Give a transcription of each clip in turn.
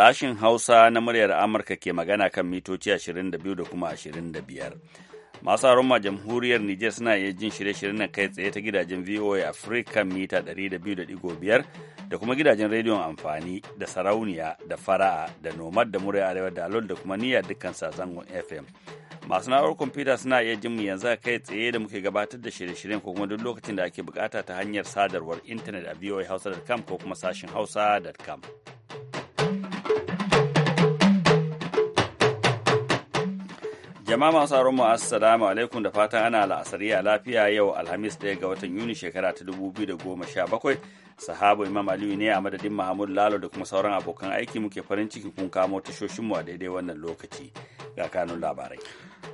Sashen Hausa na muryar Amurka ke magana kan mitoci 22 da kuma 25. Masu ma jamhuriyar Nijar suna iya jin shirye-shiryen na kai tsaye ta gidajen VOA Africa mita 200.5 da kuma gidajen rediyon amfani da sarauniya da fara'a da nomad da muryar arewa da alol da kuma niyyar dukkan sazangon FM. masu na'urar kwamfuta suna iya jin mu yanzu kai tsaye da muke gabatar da shirye-shiryen ko kuma duk lokacin da ake bukata ta hanyar sadarwar intanet a voahausa.com ko kuma sashin hausa.com. Jama'a masu sauraron mu assalamu alaikum da fatan ana la'asari a lafiya yau Alhamis ɗaya ga watan Yuni shekara ta 2017. Sahabo Imam Aliyu ne a madadin mahamud Lalo da kuma sauran abokan aiki muke farin ciki kun kamo tashoshin mu a daidai wannan lokaci ga kanun labarai.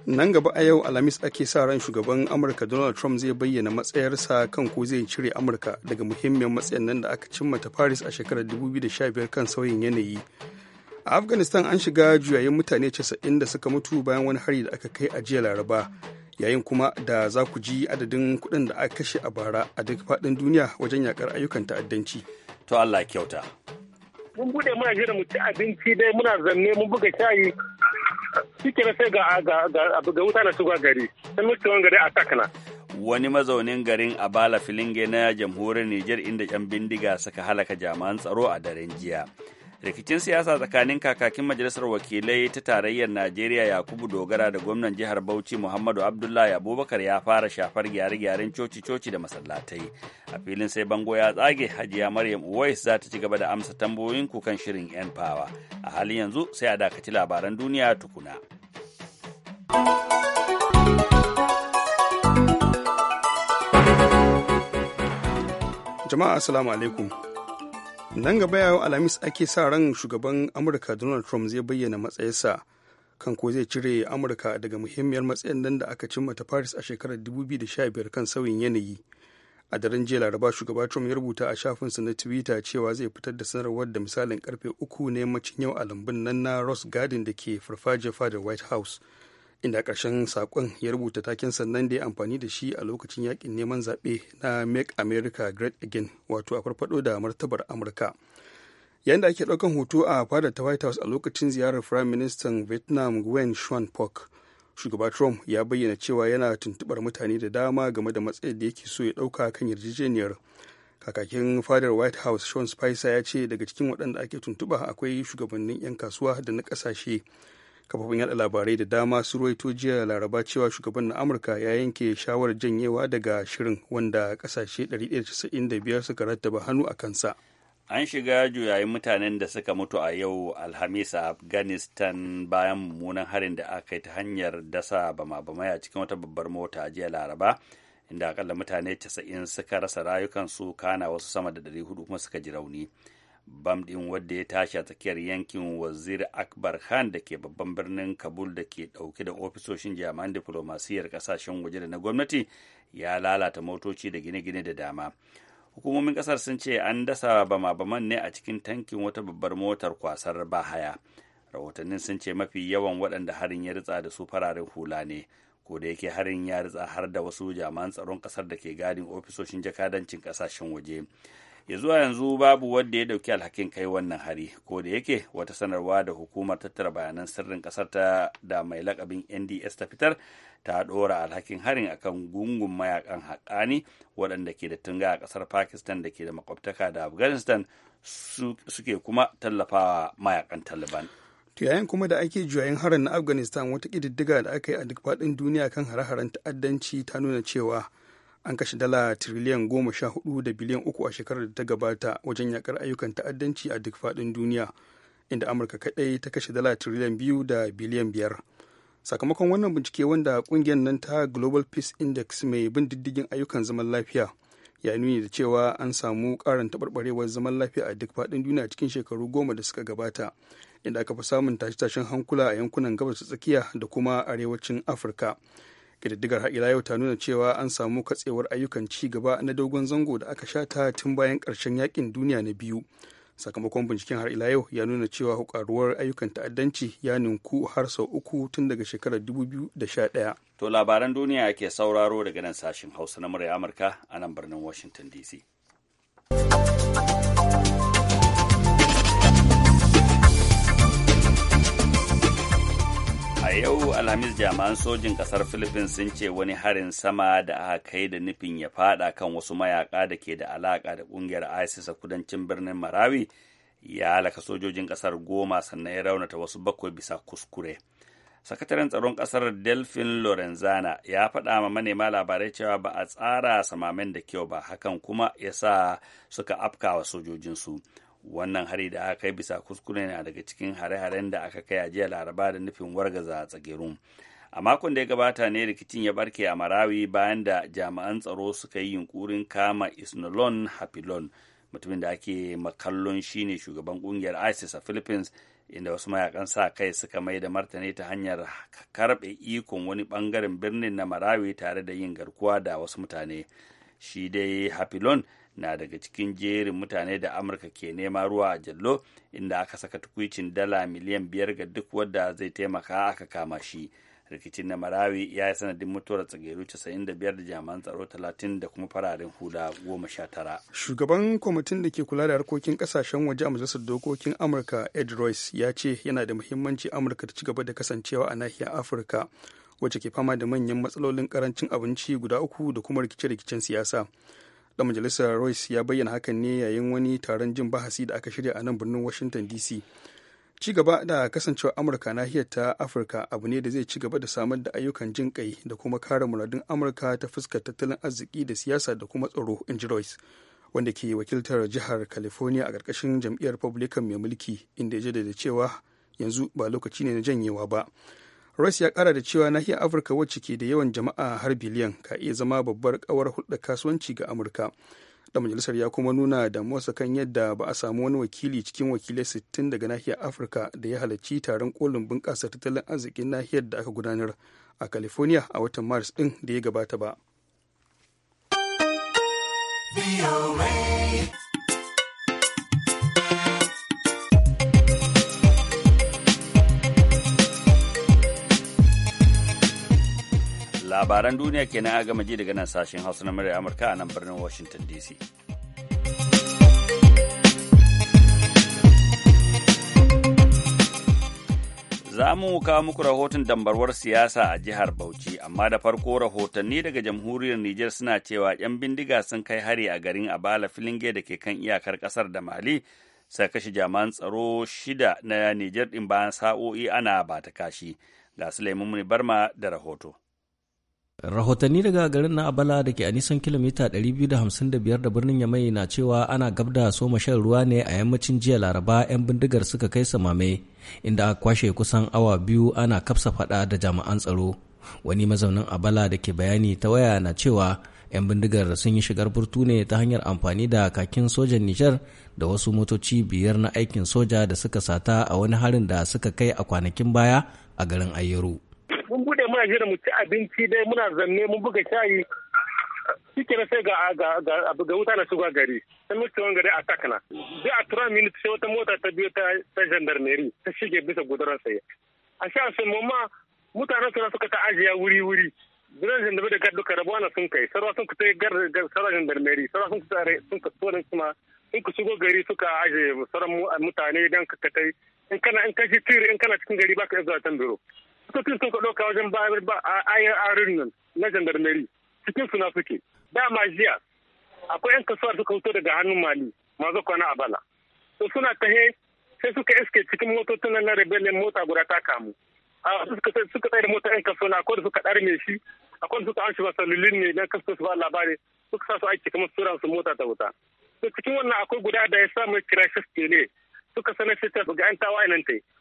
Nan gaba a yau Alhamis ake sa ran shugaban Amurka Donald Trump zai bayyana matsayarsa kan ko zai cire Amurka daga muhimmiyar matsayin nan da aka cimma ta Paris a shekarar 2015 kan sauyin yanayi. a afghanistan an shiga juyayin mutane 90 da suka mutu bayan wani hari da aka kai a jiya laraba yayin kuma da za ku ji adadin kudin da aka kashe a bara a duk faɗin duniya wajen yakar ayyukan ta'addanci to allah kyauta mun bude muna jira mu ci abinci dai muna zanne mun buga shayi suke na sai ga ga wuta na shiga gari sai muke wani gari a sakana wani mazaunin garin abala filinge na jamhuriyar niger inda yan bindiga suka halaka jami'an tsaro a daren jiya rikicin siyasa tsakanin kakakin majalisar wakilai ta tarayyar najeriya yakubu dogara da gwamnan jihar bauchi muhammadu abdullahi abubakar ya fara shafar gyare-gyaren coci-coci da masallatai a filin sai bango ya tsage hajiya maryam uwais za ta ci gaba da amsa tambayoyin ku kan shirin yan fawa a halin yanzu sai a dakaci labaran duniya tukuna jama'a assalamu alaikum nan gaba yau alhamis ake sa ran shugaban amurka donald trump zai bayyana matsayinsa kan ko zai cire amurka daga muhimmiyar matsayin nan da aka cimma ta paris a shekarar 2015 kan sauyin yanayi a daren jiya laraba shugaba trump ya rubuta a shafinsa na twitter cewa zai fitar da sanarwar da misalin karfe uku na yammacin yau a lambun nan na ross garden da ke farfajiyar fadar white house inda ƙarshen saƙon ya rubuta taken sannan da ya amfani da shi a lokacin yakin neman zaɓe na make america great again wato a farfado da martabar amurka yayin da ake ɗaukan hoto a fadar ta white house a lokacin ziyarar prime minister vietnam gwen shuan pok shugaba trump ya bayyana cewa yana tuntuɓar mutane da dama game da matsayin da yake so ya ɗauka kan yarjejeniyar kakakin fadar white house sean spicer ya ce daga cikin waɗanda ake tuntuɓa akwai shugabannin 'yan kasuwa da na ƙasashe kafofin yaɗa labarai da dama su ruwaito jiya laraba cewa shugaban na amurka ya yanke shawarar janyewa daga shirin wanda kasashe 195 suka rattaba hannu a kansa an shiga juyayin mutanen da suka mutu a yau alhamis a afghanistan bayan mummunan harin da aka yi ta hanyar dasa bama-bamai a cikin wata babbar mota jiya laraba inda akalla mutane 90 suka rasa rayukansu kana wasu sama da 400 kuma suka ji rauni bam ɗin wadda ya tashi a tsakiyar yankin wazir akbar khan da ke babban birnin kabul da ke ɗauke da ofisoshin jami'an diflomasiyyar ƙasashen waje da na gwamnati ya lalata motoci da gine-gine da dama hukumomin ƙasar sun ce an dasa bama-baman ne a cikin tankin wata babbar motar kwasar bahaya rahotannin sun ce mafi yawan waɗanda harin ya ritsa da su fararen hula ne ko da yake harin ya ritsa har da wasu jami'an tsaron ƙasar da ke gadin ofisoshin jakadancin ƙasashen waje ya zuwa yanzu babu wanda ya dauki alhakin kai wannan hari ko da yake wata sanarwa da hukumar tattara bayanan sirrin kasar ta da mai lakabin nds ta fitar ta dora alhakin harin akan gungun mayakan haƙani waɗanda ke da tunga a ƙasar pakistan da ke da makwabtaka da afghanistan suke kuma tallafawa mayakan taliban to yayin kuma da ake juyayin harin na afghanistan wata ƙididdiga da aka yi a duk faɗin duniya kan hare-haren ta'addanci ta nuna cewa an kashe dala tiriliyan goma sha hudu da biliyan uku a shekarar da ta gabata wajen yakar ayyukan ta'addanci a duk faɗin duniya inda amurka kaɗai ta kashe dala tiriliyan biyu da biliyan biyar sakamakon wannan bincike wanda kungiyar nan ta global peace index mai bin diddigin ayyukan zaman lafiya ya nuni da cewa an samu karin taɓarɓarewar zaman lafiya a duk faɗin duniya cikin shekaru goma da suka gabata inda aka fi samun tashe-tashen hankula a yankunan gabas tsakiya da kuma arewacin afirka ƙididdigar haƙila yau ta nuna cewa an samu katsewar ayyukan ci gaba na dogon zango da aka sha ta tun bayan ƙarshen yakin duniya na biyu sakamakon binciken har ila yau ya nuna cewa hukaruwar ayyukan ta'addanci ya ninku har sau uku tun daga shekarar 2011 to labaran duniya ke sauraro daga nan sashen hausa na murya amurka a nan birnin washington dc yau alhamis jami'an sojin kasar philippines sun ce wani harin sama da aka kai da nufin ya fada kan wasu mayaka da ke da alaka da kungiyar isis a kudancin birnin marawi ya halaka sojojin kasar goma sannan ya raunata wasu bakwai bisa kuskure sakataren tsaron kasar delphin lorenzana ya faɗa ma manema labarai cewa ba a tsara samamen da kyau ba hakan kuma ya sa suka afkawa sojojinsu wannan hari da aka kai bisa kuskure na daga cikin hare-haren da aka kai a jiya laraba da nufin wargaza a tsagerun a makon da ya gabata ne rikicin ya barke a marawi bayan da jami'an tsaro suka yi yunkurin kama isnolon hapilon mutumin da ake makallon shine shugaban kungiyar isis a philippines inda wasu mayakan sa kai suka mai da martani ta hanyar karbe ikon wani bangaren birnin na marawi tare da yin garkuwa da wasu mutane shi dai hapilon na daga cikin jerin mutane da amurka ke nema ruwa a jallo inda aka saka tukwicin dala miliyan biyar ga duk wadda zai taimaka aka kama shi rikicin na marawi ya yi sanadin mutuwar tsageru 95 da jami'an tsaro 30 da kuma fararen hula 19 shugaban kwamitin da ke kula da harkokin kasashen waje a majalisar dokokin amurka ed royce ya ce yana da muhimmanci amurka ta ci gaba da kasancewa a nahiyar afirka wacce ke fama da manyan matsalolin karancin abinci guda uku da kuma rikice-rikicen siyasa da majalisar royce ya bayyana hakan ne yayin wani taron jin bahasi da aka shirya a nan birnin washington dc ci gaba da kasancewar amurka nahiyar ta afirka abu ne da zai ci gaba da samar da ayyukan jin kai da kuma kare muradun amurka ta fuskar tattalin arziki da siyasa da kuma tsaro in ji royce wanda ke wakiltar jihar california a ƙarƙashin jam'iyyar republican mai mulki inda ya jaddada cewa yanzu ba lokaci ne na janyewa ba Rice ya kara da cewa nahiyar Afirka wacce ke da yawan jama'a har biliyan ka iya zama babbar kawar hulɗar kasuwanci ga Amurka. Da majalisar ya kuma nuna da damuwarsa kan yadda ba a samu wani wakili cikin wakilai 60 daga nahiyar Afirka da ya halarci taron kolin bunƙasa tattalin arzikin nahiyar da aka gudanar a California a watan Maris ɗin da ya gabata ba. labaran duniya kenan a gama ji daga nan sashen hausa na murya amurka a nan birnin washington dc za mu kawo muku rahoton dambarwar siyasa a jihar Bauchi, amma da farko rahotanni daga jamhuriyar Nijar suna cewa 'yan bindiga sun kai hari a garin Abala Filinge da ke kan iyakar kasar da Mali, sai kashe jaman tsaro shida na Nijar din bayan sa'o'i ana ba ta kashi. Ga Sulaimun Barma da rahoto. rahotanni daga garin na abala da ke a nisan kilomita 255 da birnin yamai na cewa ana gab da soma shan ruwa ne a yammacin jiya laraba 'yan bindigar suka kai samame inda aka kwashe kusan awa biyu ana kafsa fada da jami'an tsaro wani mazaunin abala da ke bayani ta waya na cewa 'yan bindigar sun yi shigar burtu ne ta hanyar amfani da kakin sojan nijar da wasu motoci biyar na aikin soja da suka sata a wani harin da suka kai a kwanakin baya a garin ayyaru mun bude muna da mu ci abinci dai muna zanne mun buga shayi shi sai ga ga wuta na shiga gari sai mutu wani gari a takana zai a tura miniti sai wata mota ta biyo ta gendarmerie ta shige bisa guduran sai a sha mu ma mutanen suna suka ta ajiya wuri wuri biran gendarmerie da ka karabuwa na sun kai sarwa sun gar sarwa gendarmerie sarwa sun kuta sun kuta suna sun ku shigo gari suka ajiye sarwa mutane don ka kai in kana in kashi tiri in kana cikin gari baka iya zuwa can biro kuɗin sun ka ɗauka wajen bayar ba a arin nan na jandarmeri cikin suna suke ba ma jiya akwai 'yan kasuwar suka fito daga hannun mali mazo kwana a bala to suna tahe sai suka iske cikin motocin nan na rebellion mota guda ta kamu a suka tsaye da mota 'yan kasuwa na akwai da suka ɗarme shi akwai da suka amshi ba lulun ne na kasuwa su ba labari suka sa su aiki kamar suran su mota ta wuta to cikin wannan akwai guda da ya sa mai kirashis ne suka sanar shi ga yan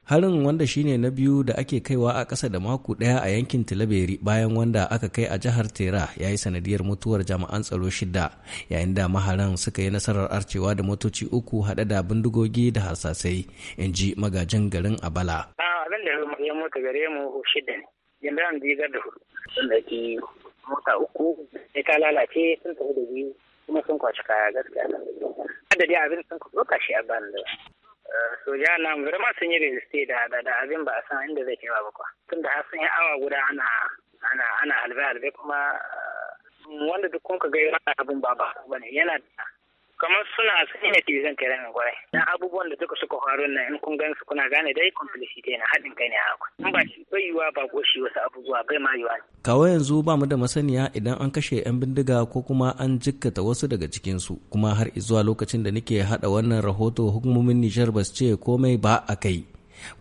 harin wanda shine na biyu da ake kaiwa a ƙasa da mako daya a yankin Tilaberi bayan wanda aka kai a jihar Tera ya yi sanadiyar mutuwar jami'an tsaro shida yayin da maharan suka yi nasarar arcewa da motoci uku haɗe da bindigogi da harsasai in ji magajin garin Abala. A a soja na vraiment sun yi resiste da da abin ba a san inda zai ke ba kuwa tun da sun yi awa guda ana ana ana halbe halbe kuma wanda duk kun ka ga abin ba ba bane yana da kamar suna sani na tv zan kira na gwarai na abubuwan da duka suka faru na in kun su kuna gane dai complicity na haɗin kai ne haka in ba shi bai yiwa ba ko shi wasu abubuwa bai ma yiwa kawai yanzu ba mu da masaniya idan an kashe yan bindiga ko kuma an jikkata wasu daga cikin su kuma har zuwa lokacin da nake hada wannan rahoto hukumomin Nijar ba su ce komai ba a kai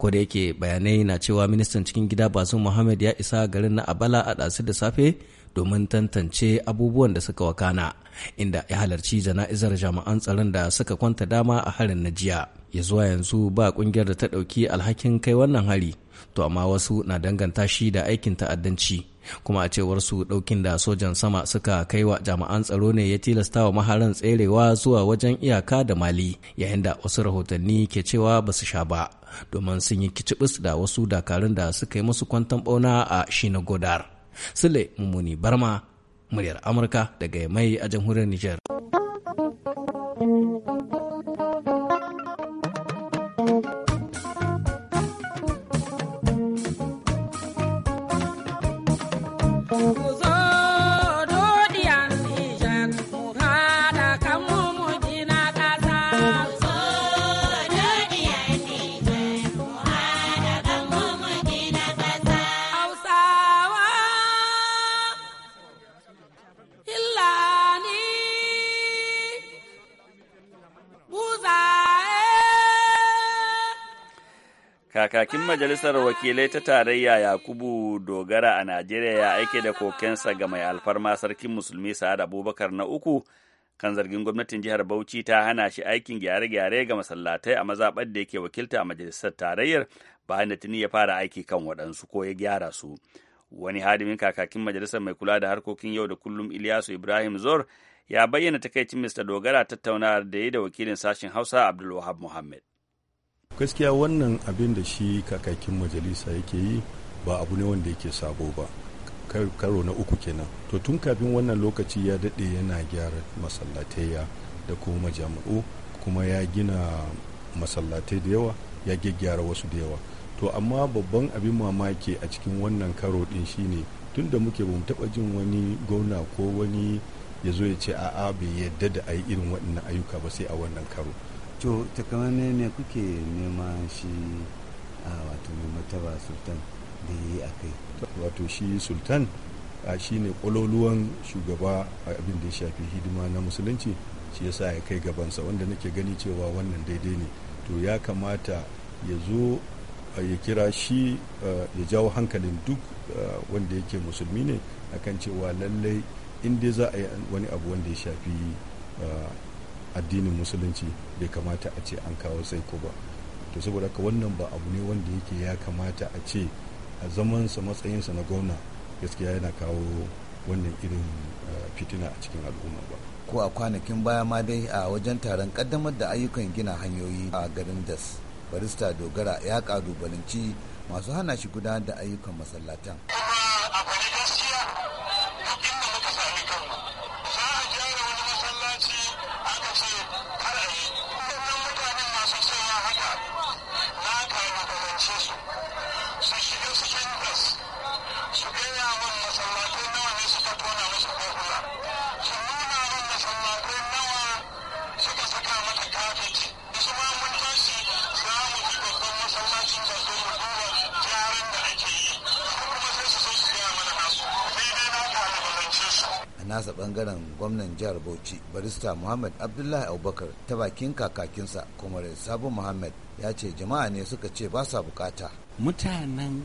ko da yake bayanai na cewa ministan cikin gida bazum muhammad ya isa garin na abala a ɗasu da safe domin tantance abubuwan da suka wakana inda ya halarci jana'izar jami'an tsaron da suka kwanta dama a harin na jiya ya zuwa yanzu ba kungiyar da ta ɗauki alhakin kai wannan hari to amma wasu na danganta shi da aikin ta'addanci kuma a cewar su ɗaukin da sojan sama suka kai wa jami'an tsaro ne ya tilasta wa maharan tserewa zuwa wajen iyaka da mali yayin da wasu rahotanni ke cewa ba su sha ba domin sun yi kicibis da wasu dakarun da suka yi musu kwantan bauna a shina godar Sule Mumuni Barma, muryar Amurka daga mai a jamhuriyar Nijar. kakakin majalisar wakilai ta tarayya Yakubu Dogara a Najeriya ya aike da kokensa ga mai alfarma sarkin musulmi Sa'ad Abubakar na uku kan zargin gwamnatin jihar Bauchi ta hana shi aikin gyare-gyare ga masallatai a mazaɓar da yake wakilta a majalisar tarayyar bayan da tuni ya fara aiki kan waɗansu ko ya gyara su. Wani hadimin kakakin majalisar mai kula da harkokin yau da kullum iliyasu Ibrahim Zor ya bayyana takaicin Mista Dogara tattaunawar da ya da wakilin sashen Hausa Abdulwahab Muhammad. gaskiya wannan abin da shi kakakin majalisa yake yi ba abu ne wanda yake sabo ba karo na uku kenan to tun kafin wannan lokaci ya daɗe yana gyara ya da kuma majami'u kuma ya gina masallatai da yawa ya gyaggyara wasu da yawa to amma babban abin mamaki a cikin wannan karo din shine tun da muke bamu taɓa jin wani gwamna ko wani ya zo ya ce a'a bai yadda da a yi irin waɗannan ayyuka ba sai a wannan karo to ne ne kuke nema shi a wato mataba sultan da ya yi a kai wato shi sultan a shi ne ƙwaloluwan shugaba a abin da ya shafi hidima na musulunci shi ya sa ya kai gabansa wanda nake gani cewa wannan daidai ne to ya kamata ya zo ya kira shi ya jawo hankalin duk wanda yake musulmi ne akan cewa lallai in dai za a yi wani abu wanda ya shafi addinin musulunci bai kamata a ce an kawo sai ko ba to saboda haka wannan ba abu ne wanda yake ya kamata a ce a zamansa matsayinsa na gwamna gaskiya yana kawo wannan irin eh, fitina a cikin al'umma ba ko a kwanakin baya ma dai a wajen taron kaddamar da ayyukan gina hanyoyi a garin das barista dogara ya ƙalubalanci masu hana shi gudanar da ayyukan masallatan. gwamnan jihar bauchi barista muhammad abdullahi abubakar ta bakin kakakinsa comrade sabu muhammad ya ce jama'a ne suka ce ba sa bukata mutanen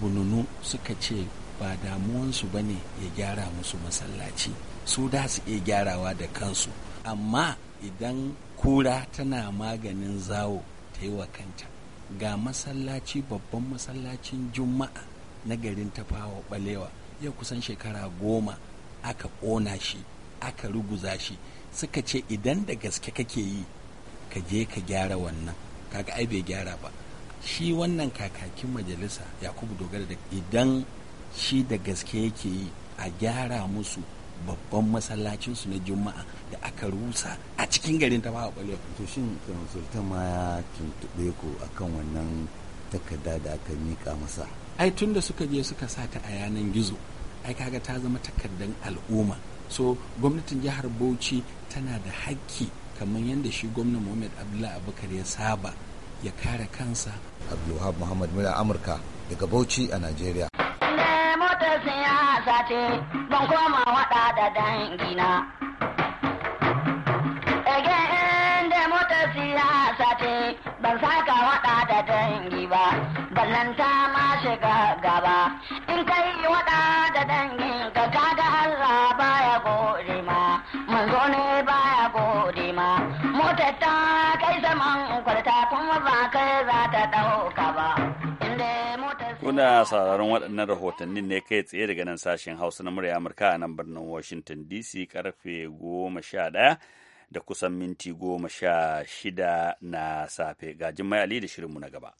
bununu suka ce ba damuwansu ba ne ya gyara musu masallaci su da su iya gyarawa da kansu amma idan kura tana maganin zawo ta yi wa kanta ga masallaci babban masallacin juma'a na garin tafawa balewa ya kusan shekara goma aka ƙona shi aka ruguza shi suka ce idan da gaske kake yi ka je ka gyara wannan kaga ai bai gyara ba shi wannan kakakin majalisa yakubu dogara da idan shi da gaske yake yi a gyara musu babban masallacinsu na juma'a da aka rusa a cikin garin ta ba wa to shin sultan ma ya tuntube ku akan wannan takarda da aka mika masa ai tun da suka je suka sa ta a yanar gizo ai kaga ta zama takardan al'umma so gwamnatin jihar bauchi tana da hakki kamar yadda shi gwamnan muhammad abdullahi abubakar ya saba ya kare kansa abdulwahab muhammad mila amurka daga bauchi a nigeria siyasa ce don koma waɗa da inda ban saka waɗa da dangi ba, ballanta ma shiga gaba, in kai waɗa da dangi sauraron waɗannan rahotannin ne kai tsaye daga nan sashen hausa na murya amurka a nan birnin washington dc karfe goma sha ɗaya da kusan minti goma sha shida na safe ga mai ali da shirinmu na gaba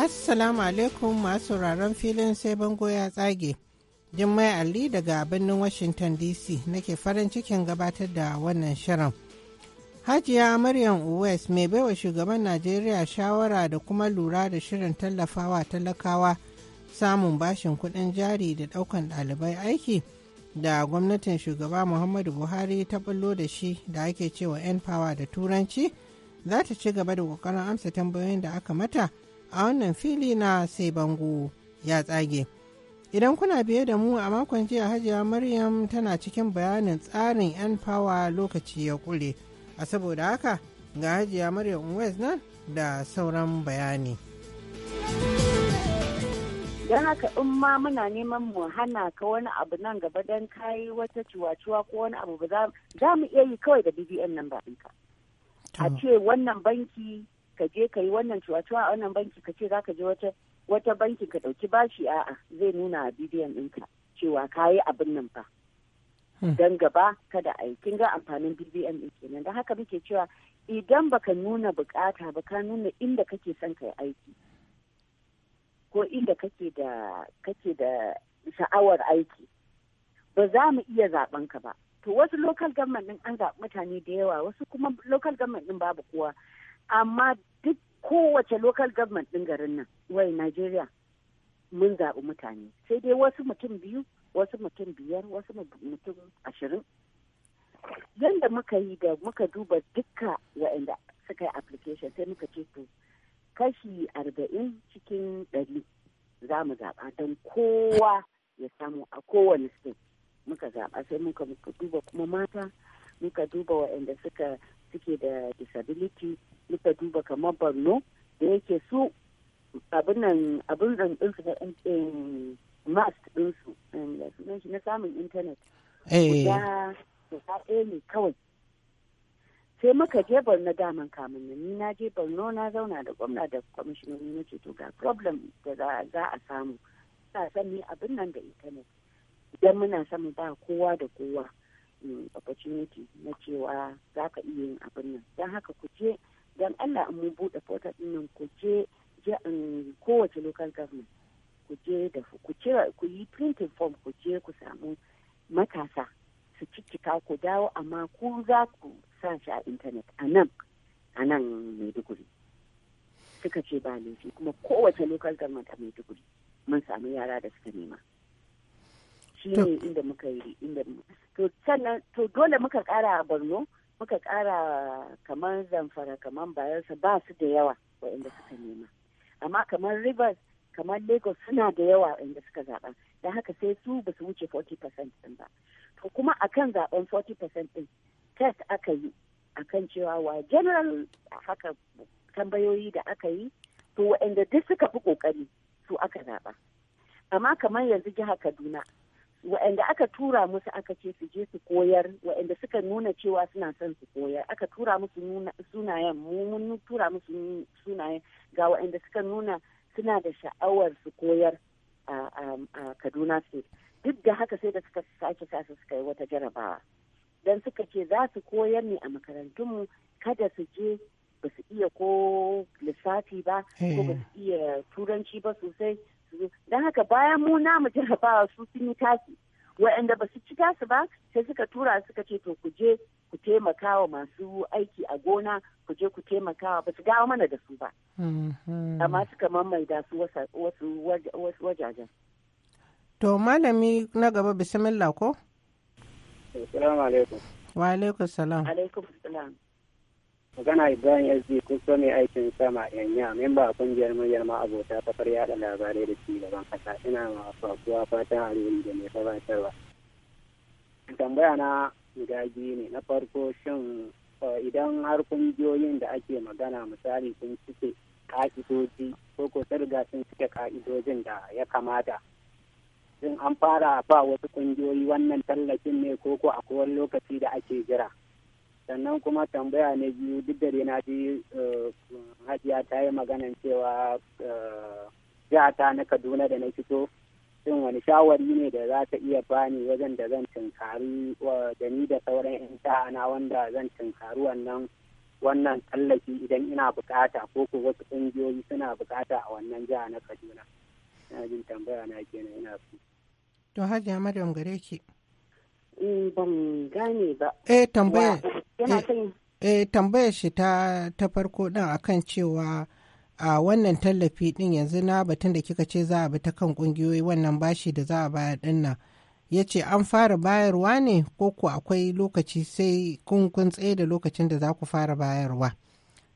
assalamu alaikum masu sauraron filin sai bango ya tsage jimmai ali daga birnin washington dc nake farin cikin gabatar da wannan shirin Hajiya Maryam Uwais mai baiwa shugaban Najeriya shawara da kuma lura da shirin tallafawa talakawa samun bashin kuɗin jari da ɗaukan ɗalibai aiki da gwamnatin shugaba Muhammadu Buhari ta bullo da shi da ake cewa 'yan fawa da turanci za ta ci gaba da ƙoƙarin amsa tambayoyin da aka mata a wannan fili na sai bango ya tsage. Idan kuna biye da mu a makon jiya Hajiya Maryam tana cikin bayanin tsarin 'yan fawa lokaci ya ƙure. a saboda haka ga hajiya maryam west nan da sauran bayani don haka in ma muna neman mu hana ka wani abu nan gaba don kayi wata ciwaciwa ko wani abu ba za mu iya yi kawai da bbn nan ba ka a ce wannan banki ka je ka yi wannan ciwaciwa a wannan banki ka ce za ka je wata wata banki ka ɗauki bashi a'a zai nuna a bidiyon ɗinka cewa ka yi abin nan ba. Hmm. don gaba kada a yi kin ga amfanin bbm kenan da haka muke cewa idan baka nuna bukata ba ka nuna inda kake son kai aiki ko inda kake da kake da sha'awar aiki ba za mu iya zaben ka ba to wasu local government din an zaɓi mutane da yawa wasu kuma local government din babu kowa amma duk kowace lokal government din garin nan wai Najeriya mun zaɓi mutane sai dai wasu mutum biyu wasu mutum biyar wasu mutum ashirin yadda muka yi da muka duba duka waɗanda suka yi application sai muka ce to kashi arba'in cikin ɗari za mu zaɓa don kowa ya samu a kowane state muka zaɓa sai muka duba kuma mata muka duba waɗanda suka suke da disability muka duba kamar borno da yake su abin nan abin ɗinsu eh, mask ɗinsu na samun intanet eh. guda guda ɗaya ne kawai sai muka jebar na daman kamun ni na je borno na zauna da gwamna da kwamishinoni na ceto ga problem da za a samu sa sani abin nan da intanet idan muna samun ba kowa da kowa mm, opportunity na cewa za ka iya yin abin nan don haka ku je don allah in mun buɗe portal ɗin nan ku je mm, kowace local government ku je da ku cire ku yi printing form ku je ku samu matasa su cikita ku dawo amma ku za ku sa shi a intanet a nan a nan maiduguri suka ce ba laifi kuma kowace local government a maiduguri mun samu yara da suka nema shi ne inda muka yi inda to sannan to dole muka kara a borno muka kara kamar zamfara kamar bayansa ba su da yawa waɗanda suka nema amma kamar rivers kamar lagos suna da yawa inda suka zaɓa da haka sai su ba su wuce 40% ɗin ba to kuma akan zaɓen 40% ɗin test aka yi akan cewa wa general haka tambayoyi da aka yi to waɗanda duk suka fi ƙoƙari su aka zaɓa amma kamar yanzu jihar kaduna waɗanda aka tura musu aka ce su je su koyar waɗanda suka nuna cewa suna son su koyar aka tura musu sunayen mu mun tura musu sunayen ga waɗanda suka nuna suna da sha'awar su koyar a kaduna state duk da haka sai da suka sake kasa suka yi wata jarabawa don suka ce za su koyar ne a makarantunmu kada su je ba su iya ko lissafi ba ko eh. ba su iya turanci ba sosai don haka bayan mu namu jarabawa su sun yi tasi wa'anda ba su cika su ba sai suka tura suka ce to ku je ku taimaka wa masu aiki a gona ku je ku taimakawa ba su dawo mana da su ba mm-hmm. amma suka mamaida su wasu wajajen to malami na gaba bismillah ko assalamu alaikum wa alaikum salam alaikum salam magana ibrahim sd kusa mai aikin sama yanya memba a kungiyar muryar ma abota kafar yada labarai da ci gaban kasa ina ma fafuwa fatan alheri da mai gabatarwa tambaya na guda ne na farko shin eh, idan har kungiyoyin da ake magana misali sun cike ka'idoji ko ko sarga sun cike ka'idojin da ya kamata shin an fara ba wasu kungiyoyi wannan tallafin ne ko ko a kowane lokaci da ake jira sannan kuma tambaya na biyu duk da na ji eh, hajiya ta yi maganan cewa eh, jihata na kaduna da na fito shin wani shawari ne da za ta iya bani wajen da zan tunkari da ni da sauran yan ta'ana wanda zan tunkari wannan wannan tallafi idan ina bukata ko ko wasu ƙungiyoyi suna bukata a wannan jiha na kaduna na jin tambaya na kenan ina su. to hajiya madam gare ki. Eh, ban gane ba eh tambaya eh, eh tambaya shi ta ta farko din akan cewa a wannan tallafi din yanzu na batun da kika ce za a bi ta kan kungiyoyi wannan bashi da za a bayar din ya ce an fara bayarwa ne ko ku akwai lokaci sai kun kun tsaye da lokacin da za ku fara bayarwa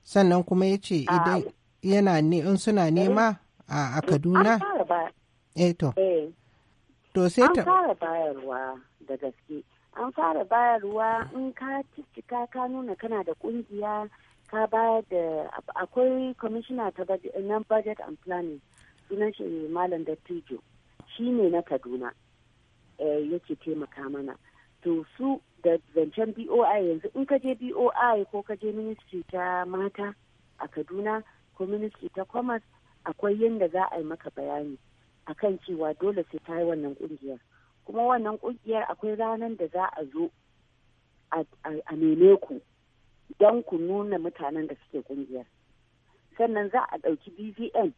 sannan kuma ya ce ah. idan yana ne in suna eh. nema a kaduna eh to sai ta an fara bayarwa da gaske an fara bayarwa in ka cika ka nuna kana da kungiya ka bayar da akwai kwamishina ta na budget and planning sunan shi malam dattijo shi ne na kaduna eh, yake taimaka mana to su da zancen boi yanzu in ka je boi ko ka je ministry ta mata a kaduna ko ministry ta commerce akwai yadda za a yi maka bayani akan cewa dole sai ta yi wannan kungiyar kuma wannan kungiyar akwai ranar da za a zo a neme ku don ku nuna mutanen da suke kungiyar sannan za a ɗauki bvn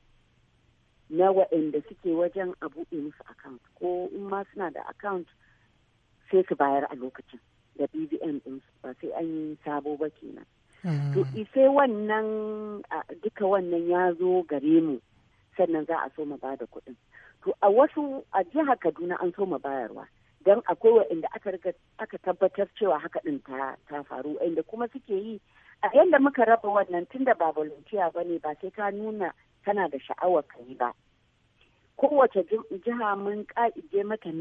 na waɗanda suke wajen a buɗe musu account ko in ma suna da account sai su bayar a lokacin da bvn ɗin ba sai an yi sabo ba kenan to mm. sai wannan duka wannan ya zo gare mu sannan za a so mu bada kuɗin to a wasu a jiha kaduna an soma bayarwa don akwai inda aka tabbatar cewa haka ɗin ta faru inda kuma suke yi a yadda muka raba wannan tunda ba volunteer ba ne ba sai ta nuna kana da sha'awar ka yi ba kowace jiha mun ka'ide mata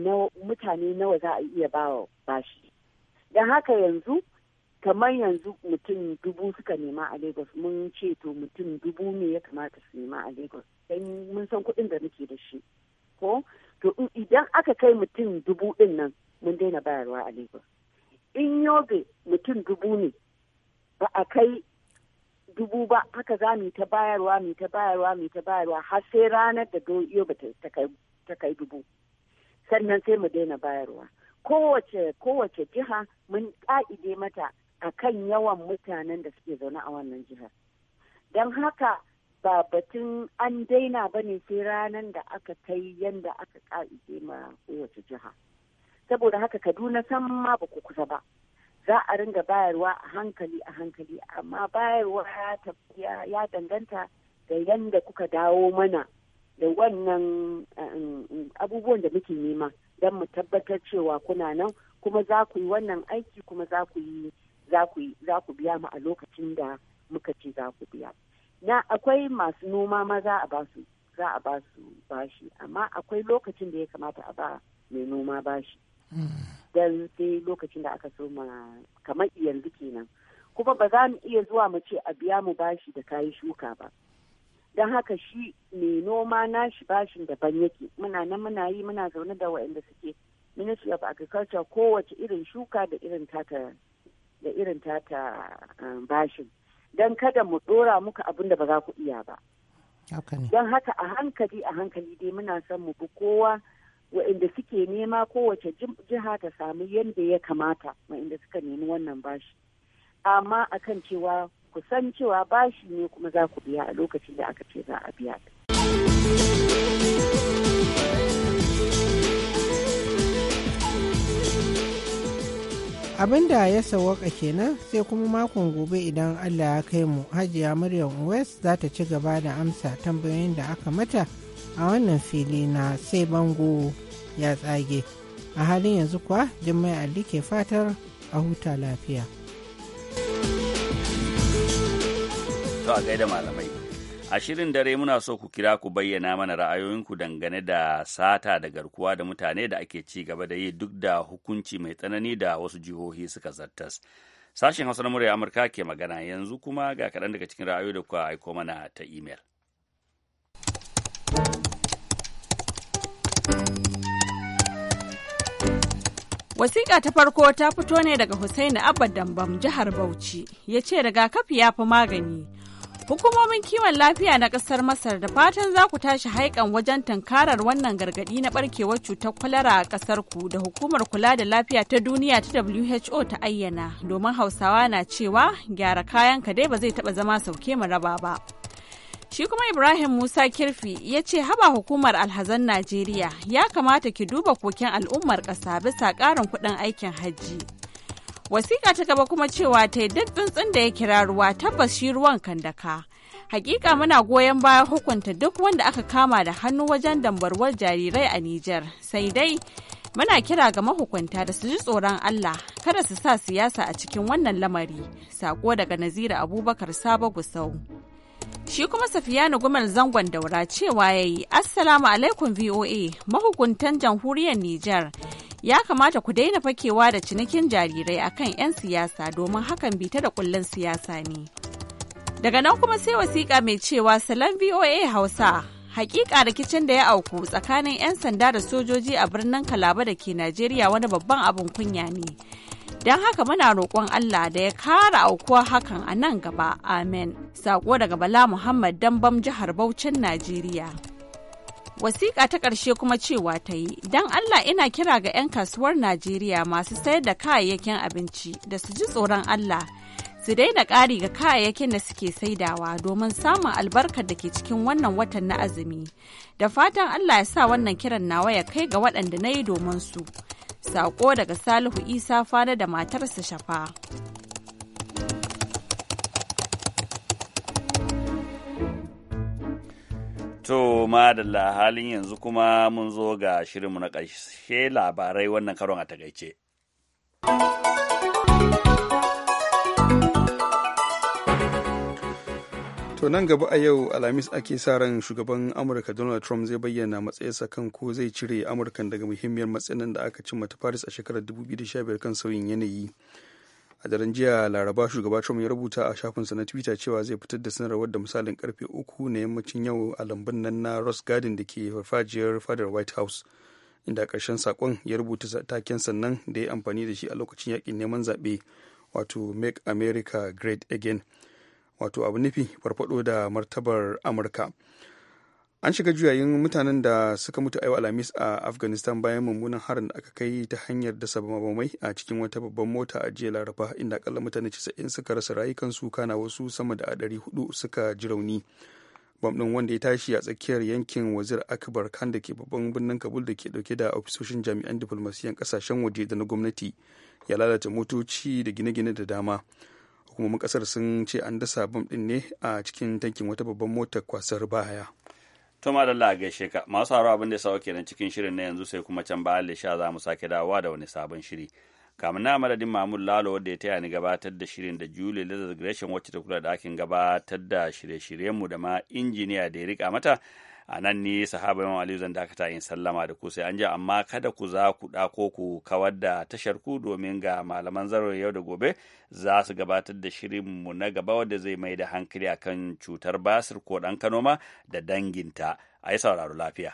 mutane nawa za a iya bawa bashi don haka yanzu kamar yanzu mutum dubu suka nema a lagos mun ce to mutum dubu ne ya kamata su nema a lagos don mun san kuɗin da muke da shi ko to idan aka kai mutum dubu din nan mun daina bayarwa a Lagos in yobe mutum dubu ne ba a kai dubu ba haka za mu ta bayarwa mu ta bayarwa mu ta bayarwa har sai ranar da yobe ta kai dubu sannan sai mu daina bayarwa kowace kowace jiha mun ka'ide mata akan yawan mutanen da suke zaune a wannan jihar don haka ba batun an daina ba ne sai ranar da aka kai yadda aka ka'ide ma kowace jiha saboda haka kaduna san ma ba ku kusa ba za a ringa bayarwa a hankali a hankali amma bayarwa ya danganta da yadda kuka dawo mana da wannan um, abubuwan da muke nema don mu tabbatar cewa kuna nan kuma za ku yi wannan aiki kuma za ku yi za ku biya mu a lokacin da muka ce za ku biya. na akwai masu noma ma za a basu za a basu bashi amma akwai lokacin da ya kamata a ba mai noma bashi dan sai lokacin da aka so ma kamar yanzu kenan kuma ba za mu iya zuwa mu ce a biya mu bashi da kayi shuka ba don haka shi mai noma nashi bashin daban yake muna nan muna yi muna zaune da waɗanda suke ministry of agriculture kowace irin shuka da irin tata da irin tata um, bashin don kada mu ɗora muka abin da ba za ku iya ba. Don haka a hankali a hankali dai muna son mu bi kowa wa'inda suke nema kowace jiha ta samu yadda ya kamata wa'inda suka nemi wannan bashi. Amma akan cewa ku san cewa bashi ne kuma za ku biya a lokacin da aka ce za a biya. abin da ya sawaka kenan sai kuma makon gobe idan allah ya kai mu hajiya maryam west za ta ci gaba da amsa tambayoyin da aka mata a wannan fili na sai bango ya tsage a halin yanzu kuwa jimai ali ke fatar a huta lafiya za a gaida malamai A shirin dare muna so ku kira ku bayyana mana ra'ayoyinku dangane da sata da garkuwa da mutane da ake ci gaba da yi duk da hukunci mai tsanani da wasu jihohi suka zartas. Sashen Hausa na murya Amurka ke magana yanzu kuma ga kaɗan daga cikin ra'ayoyi da kuka aiko mana ta imel. Wasiƙa ta farko ta fito ne daga Hussaini Abba Dambam jihar Bauchi ya ce rigakafi ya fi magani. Hukumomin kiwon lafiya na ƙasar Masar da fatan za ku tashi haikan wajen tankarar wannan gargaɗi na ɓarkewar cutar kwalara a ƙasar ku da hukumar kula da lafiya ta duniya ta WHO ta ayyana domin Hausawa na cewa gyara kayan ka dai ba zai taɓa zama sauke mu raba ba. Shi kuma Ibrahim Musa Kirfi ya ce haba hukumar alhazan Najeriya ya kamata ki duba koken al'ummar ƙasa bisa ƙarin kuɗin aikin hajji. Wasiƙa ta gaba kuma cewa ta yi duk tsuntsun da ya kira ruwa tabbas shi ruwan kan daka. Hakika muna goyon bayan hukunta duk wanda aka kama da hannu wajen dambarwar jarirai a Nijar. Sai dai muna kira ga mahukunta da su ji tsoron Allah kada su sa siyasa a cikin wannan lamari. Sako daga Nazira Abubakar Sabo Gusau. Shi kuma Safiyanu Gumal zangon daura cewa yayi yi Assalamu alaikum VOA mahukuntan jamhuriyar Nijar. ya kamata ku daina fakewa da cinikin jarirai akan 'yan siyasa domin hakan bita da kullun siyasa ne. Daga nan kuma sai wasiƙa mai cewa salon VOA Hausa. Hakika rikicin da ya auku tsakanin 'yan sanda da sojoji a birnin Kalaba da ke Najeriya wani babban abin kunya ne. Don haka muna roƙon Allah da ya kara aukuwa hakan a nan gaba. Amen. Sako daga Bala Muhammad Dambam jihar Bauchin Najeriya. Wasiƙa ta ƙarshe kuma cewa ta yi, don Allah ina kira ga 'yan kasuwar Najeriya masu sayar da kayayyakin abinci da su ji tsoron Allah. su daina ƙari ga kayayyakin da suke saidawa domin samun albarkar da ke cikin wannan watan na azumi da fatan allah ya sa wannan kiran nawa ya kai ga waɗanda na yi domin su saƙo daga salihu isa fana da matarsa shafa To madalla halin yanzu kuma mun zo ga shirinmu na ƙarshe labarai wannan karon a takaice. To nan gaba a yau Alhamis ake sa ran shugaban Amurka Donald Trump zai bayyana matsayinsa kan ko zai cire Amurkan daga muhimmiyar matsayin da aka cimma ta Paris a shekarar 2015 kan sauyin yanayi. a daren jiya laraba shugaba trump ya rubuta a shafinsa na twitter cewa zai fitar da sanarwar da misalin karfe uku na yammacin yau a lambun nan na ross garden da ke farfajiyar fadar white house inda karshen sakon ya rubuta taken sannan da ya amfani da shi a lokacin yakin neman zaɓe wato make america great again wato abu nufi farfado da martabar amurka an shiga juyayin mutanen da suka mutu a yau alhamis a afghanistan bayan mummunan harin da aka kai ta hanyar dasa mabamai a cikin wata babban mota a jiya laraba inda akalla mutane 90 suka rasa rayukansu kana wasu sama da 400 suka ji rauni bam ɗin wanda ya tashi a tsakiyar yankin wazir akbar khan da ke babban birnin kabul da ke dauke da ofisoshin jami'an diflomasiyan kasashen waje da na gwamnati ya lalata motoci da gine-gine da dama hukumomin kasar sun ce an dasa bam ɗin ne a cikin tankin wata babban motar kwasar baya. to da a gaishe ka masu haro abin da sawa kenan cikin shirin na yanzu sai kuma can ba bayan sha za mu sake dawowa da wani sabon shiri kamun na madadin mahmud lalo wadda ya taya ni gabatar da shirin da julie lizard gresham wacce ta kula da ɗakin gabatar da shirye-shiryenmu da ma injiniya da ya rika mata a nan ne sahaba imam aliyu zan dakata yin sallama da ku sai an ji amma kada ku za ku ɗako ku kawar da tashar ku domin ga malaman zarar yau da gobe za su gabatar da shirin mu na gaba wanda zai mai da hankali akan cutar basir ko ɗan kanoma da danginta a yi sauraro lafiya